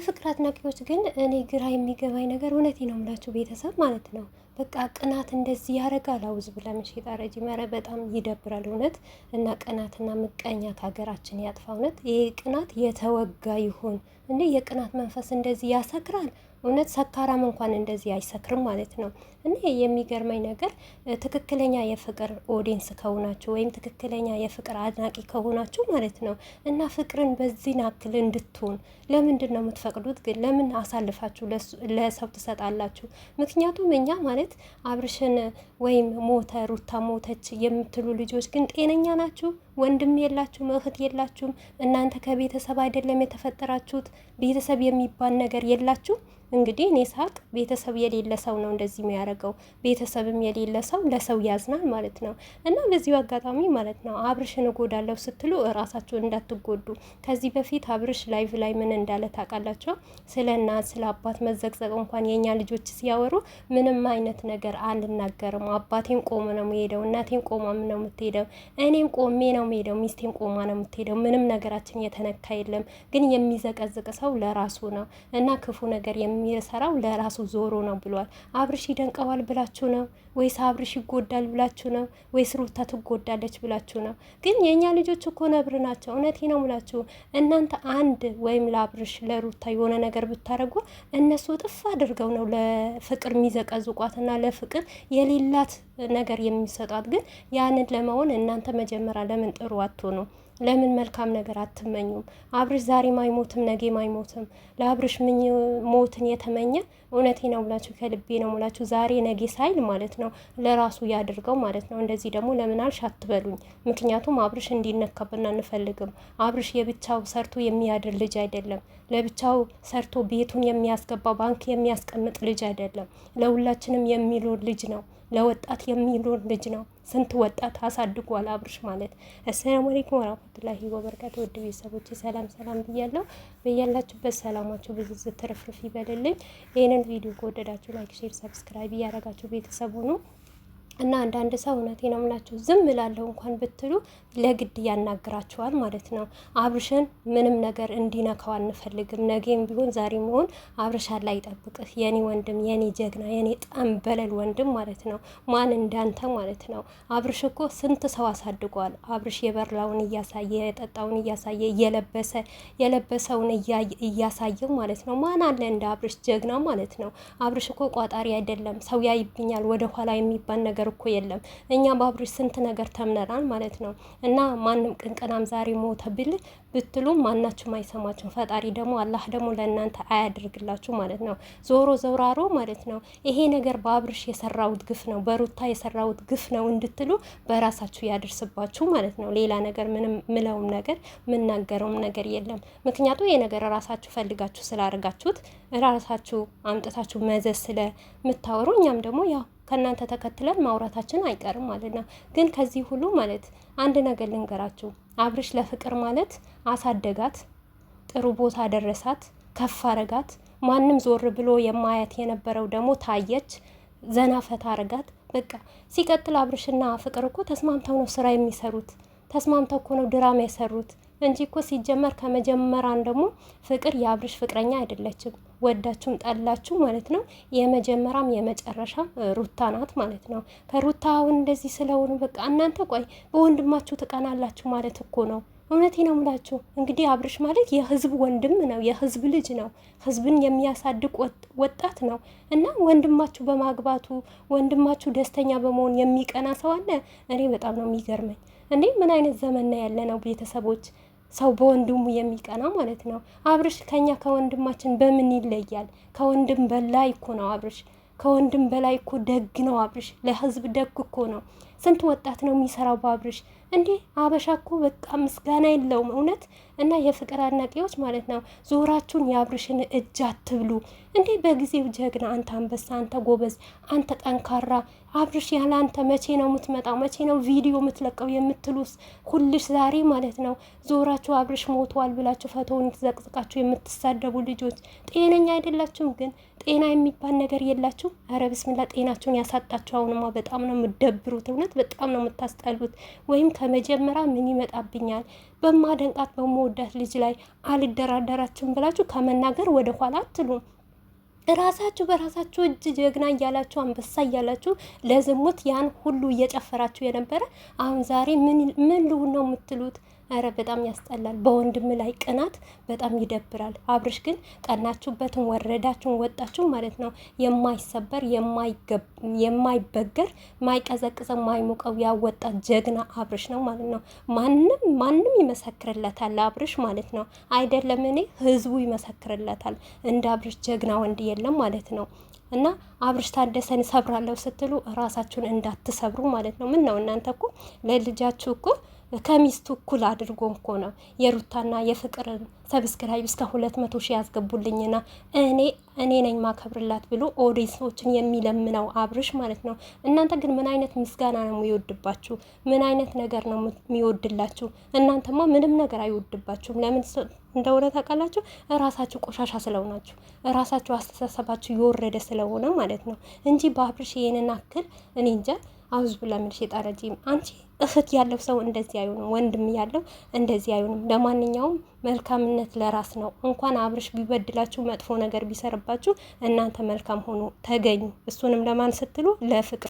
የፍቅር አድናቂዎች ግን እኔ ግራ የሚገባኝ ነገር እውነቴ ነው የምላችሁ ቤተሰብ ማለት ነው። በቃ ቅናት እንደዚህ ያደርጋል። አውዝ ብላ መሸጣ ረጅ መረ በጣም ይደብራል እውነት እና ቅናትና ምቀኛ ከሀገራችን ያጥፋ እውነት። ይህ ቅናት የተወጋ ይሆን እንዴ? የቅናት መንፈስ እንደዚህ ያሰክራል። እውነት ሰካራም እንኳን እንደዚህ አይሰክርም ማለት ነው። እኔ የሚገርመኝ ነገር ትክክለኛ የፍቅር ኦዲንስ ከሆናችሁ ወይም ትክክለኛ የፍቅር አድናቂ ከሆናችሁ ማለት ነው እና ፍቅርን በዚህ ናክል እንድትሆን ለምንድን ነው የምትፈቅዱት? ግን ለምን አሳልፋችሁ ለሰው ትሰጣላችሁ? ምክንያቱም እኛ ማለት አብርሽን ወይም ሞተ ሩታ ሞተች የምትሉ ልጆች ግን ጤነኛ ናችሁ? ወንድም የላችሁም፣ እህት የላችሁም። እናንተ ከቤተሰብ አይደለም የተፈጠራችሁት። ቤተሰብ የሚባል ነገር የላችሁ እንግዲህ እኔ ሳቅ ቤተሰብ የሌለ ሰው ነው እንደዚህ የሚያደርገው። ቤተሰብም የሌለ ሰው ለሰው ያዝናል ማለት ነው። እና በዚሁ አጋጣሚ ማለት ነው አብርሽን እጎዳለሁ ስትሉ እራሳችሁ እንዳትጎዱ። ከዚህ በፊት አብርሽ ላይቭ ላይ ምን እንዳለ ታውቃላችሁ? ስለ እናት ስለ አባት መዘቅዘቅ እንኳን የእኛ ልጆች ሲያወሩ ምንም አይነት ነገር አልናገርም፣ አባቴም ቆሞ ነው የሄደው፣ እናቴም ቆማ ነው የምትሄደው፣ እኔም ቆሜ ነው የሄደው፣ ሚስቴም ቆማ ነው የምትሄደው። ምንም ነገራችን የተነካ የለም። ግን የሚዘቀዝቅ ሰው ለራሱ ነው እና ክፉ ነገር የሚ የሚሰራው ለራሱ ዞሮ ነው ብሏል። አብርሽ ይደንቀዋል ብላችሁ ነው ወይስ አብርሽ ይጎዳል ብላችሁ ነው ወይስ ሩታ ትጎዳለች ብላችሁ ነው? ግን የእኛ ልጆች እኮ ነብር ናቸው። እውነቴ ነው ምላችሁ እናንተ አንድ ወይም ለአብርሽ ለሩታ የሆነ ነገር ብታደርጉ እነሱ ጥፍ አድርገው ነው ለፍቅር የሚዘቀዝቋትና ለፍቅር የሌላት ነገር የሚሰጧት። ግን ያንን ለመሆን እናንተ መጀመሪያ ለምን ጥሩ አትሆኑ? ለምን መልካም ነገር አትመኙም? አብርሽ ዛሬም አይሞትም ነገም አይሞትም። ለአብርሽ ምኝ ሞትን የተመኘ እውነቴ ነው ብላችሁ ከልቤ ነው ብላችሁ ዛሬ ነገ ሳይል ማለት ነው ለራሱ ያድርገው ማለት ነው። እንደዚህ ደግሞ ለምን አልሽ አትበሉኝ። ምክንያቱም አብርሽ እንዲነካብን አንፈልግም። አብርሽ የብቻው ሰርቶ የሚያድር ልጅ አይደለም። ለብቻው ሰርቶ ቤቱን የሚያስገባ ባንክ የሚያስቀምጥ ልጅ አይደለም። ለሁላችንም የሚኖር ልጅ ነው። ለወጣት የሚኖር ልጅ ነው። ስንት ወጣት አሳድጓል አብርሽ ማለት። አሰላሙ አለይኩም ወራህመቱላሂ ወበረካቱ። ውድ ቤተሰቦች ሰላም ሰላም ብያለሁ። በያላችሁበት ሰላማችሁ ብዙ ዝትርፍርፍ ይበልልኝ። ይህንን ቪዲዮ ከወደዳችሁ ላይክ፣ ሼር፣ ሰብስክራይብ እያረጋችሁ ቤተሰቡ ነው እና አንዳንድ ሰው እውነቴ ነው ምላቸው ዝም ላለው እንኳን ብትሉ ለግድ ያናግራቸዋል ማለት ነው። አብርሽን ምንም ነገር እንዲነካው አንፈልግም። ነገም ቢሆን ዛሬ መሆን አብርሻን ላይ ጠብቅህ፣ የኔ ወንድም፣ የኔ ጀግና፣ የኔ ጠንበለል ወንድም ማለት ነው። ማን እንዳንተ ማለት ነው። አብርሽ እኮ ስንት ሰው አሳድጓል። አብርሽ የበላውን እያሳየ የጠጣውን እያሳየ እየለበሰ የለበሰውን እያሳየው ማለት ነው። ማን አለ እንደ አብርሽ ጀግና ማለት ነው። አብርሽ እኮ ቋጣሪ አይደለም። ሰው ያይብኛል ወደኋላ የሚባል ነገር እኮ የለም። እኛ በአብርሽ ስንት ነገር ተምነናል ማለት ነው። እና ማንም ቅንቅናም ዛሬ ሞተ ብል ብትሉ ማናችሁም አይሰማችሁም። ፈጣሪ ደግሞ አላህ ደግሞ ለእናንተ አያደርግላችሁ ማለት ነው። ዞሮ ዘውራሮ ማለት ነው። ይሄ ነገር በአብርሽ የሰራውት ግፍ ነው፣ በሩታ የሰራውት ግፍ ነው እንድትሉ በራሳችሁ ያደርስባችሁ ማለት ነው። ሌላ ነገር ምንም ምለውም ነገር ምናገረውም ነገር የለም። ምክንያቱ ይሄ ነገር ራሳችሁ ፈልጋችሁ ስላደርጋችሁት ራሳችሁ አምጥታችሁ መዘዝ ስለምታወሩ እኛም ደግሞ ያው ከእናንተ ተከትለን ማውራታችን አይቀርም ማለት ነው። ግን ከዚህ ሁሉ ማለት አንድ ነገር ልንገራችሁ። አብርሽ ለፍቅር ማለት አሳደጋት፣ ጥሩ ቦታ ደረሳት፣ ከፍ አረጋት። ማንም ዞር ብሎ የማያት የነበረው ደግሞ ታየች፣ ዘና ፈታ አረጋት። በቃ ሲቀጥል አብርሽና ፍቅር እኮ ተስማምተው ነው ስራ የሚሰሩት፣ ተስማምተው እኮ ነው ድራማ የሰሩት። እንጂ እኮ ሲጀመር ከመጀመሪያን ደግሞ ፍቅር የአብርሽ ፍቅረኛ አይደለችም። ወዳችሁም ጠላችሁ ማለት ነው። የመጀመሪያም የመጨረሻ ሩታ ናት ማለት ነው። ከሩታ አሁን እንደዚህ ስለሆኑ በቃ እናንተ ቆይ በወንድማችሁ ትቀናላችሁ ማለት እኮ ነው። እውነቴ ነው ምላችሁ እንግዲህ አብርሽ ማለት የህዝብ ወንድም ነው፣ የህዝብ ልጅ ነው፣ ህዝብን የሚያሳድቅ ወጣት ነው እና ወንድማችሁ በማግባቱ ወንድማችሁ ደስተኛ በመሆን የሚቀና ሰው አለ? እኔ በጣም ነው የሚገርመኝ። እንዴ ምን አይነት ዘመን ያለ ነው ቤተሰቦች ሰው በወንድሙ የሚቀና ማለት ነው። አብርሽ ከኛ ከወንድማችን በምን ይለያል? ከወንድም በላይ እኮ ነው አብርሽ። ከወንድም በላይ እኮ ደግ ነው አብርሽ። ለህዝብ ደግ እኮ ነው። ስንት ወጣት ነው የሚሰራው በአብርሽ እንዲህ አበሻ እኮ በቃ ምስጋና የለውም እውነት። እና የፍቅር አድናቂዎች ማለት ነው ዞራችሁን የአብርሽን እጅ አትብሉ። እንዲህ በጊዜው ጀግና፣ አንተ አንበሳ፣ አንተ ጎበዝ፣ አንተ ጠንካራ አብርሽ ያለ አንተ መቼ ነው የምትመጣው? መቼ ነው ቪዲዮ የምትለቀው? የምትሉስ ሁልሽ ዛሬ ማለት ነው ዞራችሁ አብርሽ ሞቷል ብላችሁ ፈቶውን ዘቅዝቃችሁ የምትሳደቡ ልጆች ጤነኛ አይደላችሁም። ግን ጤና የሚባል ነገር የላችሁ። ኧረ ብስምላ ጤናችሁን ያሳጣችሁ። አሁንማ በጣም ነው የምደብሩት እውነት ማለት በጣም ነው የምታስጠሉት። ወይም ከመጀመሪያ ምን ይመጣብኛል በማደንቃት በመወዳት ልጅ ላይ አልደራደራችሁም ብላችሁ ከመናገር ወደ ኋላ አትሉም። ራሳችሁ በራሳችሁ እጅ ጀግና እያላችሁ አንበሳ እያላችሁ ለዝሙት ያን ሁሉ እየጨፈራችሁ የነበረ አሁን ዛሬ ምን ልውን ነው የምትሉት? ኧረ በጣም ያስጠላል። በወንድም ላይ ቅናት በጣም ይደብራል። አብርሽ ግን ቀናችሁበትን ወረዳችሁን ወጣችሁ ማለት ነው። የማይሰበር የማይበገር ማይቀዘቅዘ ማይሞቀው ያወጣት ጀግና አብርሽ ነው ማለት ነው። ማንም ማንም ይመሰክርለታል አብርሽ ማለት ነው። አይደለም እኔ ህዝቡ ይመሰክርለታል እንደ አብርሽ ጀግና ወንድ የለም ማለት ነው። እና አብርሽ ታደሰን እሰብራለሁ ስትሉ ራሳችሁን እንዳትሰብሩ ማለት ነው። ምን ነው እናንተ እኮ ለልጃችሁ እኮ ከሚስቱ እኩል አድርጎ እኮ ነው የሩታና የፍቅርን ሰብስክራይብ እስከ ሁለት መቶ ሺህ ያስገቡልኝና እኔ እኔ ነኝ ማከብርላት ብሎ ኦዲንሶችን የሚለምነው አብርሽ ማለት ነው። እናንተ ግን ምን አይነት ምስጋና ነው የሚወድባችሁ? ምን አይነት ነገር ነው የሚወድላችሁ? እናንተማ ምንም ነገር አይወድባችሁም። ለምን እንደሆነ ታውቃላችሁ? እራሳችሁ ቆሻሻ ስለሆናችሁ፣ እራሳችሁ አስተሳሰባችሁ የወረደ ስለሆነ ማለት ነው እንጂ በአብርሽ ይህንን አክል እኔ እንጃ አውዝ ብላ ምን ሸጣ ረጂም አንቺ እህት ያለው ሰው እንደዚህ አይሆንም፣ ወንድም ያለው እንደዚህ አይሆንም። ለማንኛውም መልካምነት ለራስ ነው። እንኳን አብርሽ ቢበድላችሁ መጥፎ ነገር ቢሰርባችሁ እናንተ መልካም ሆኑ ተገኙ። እሱንም ለማን ስትሉ ለፍቅር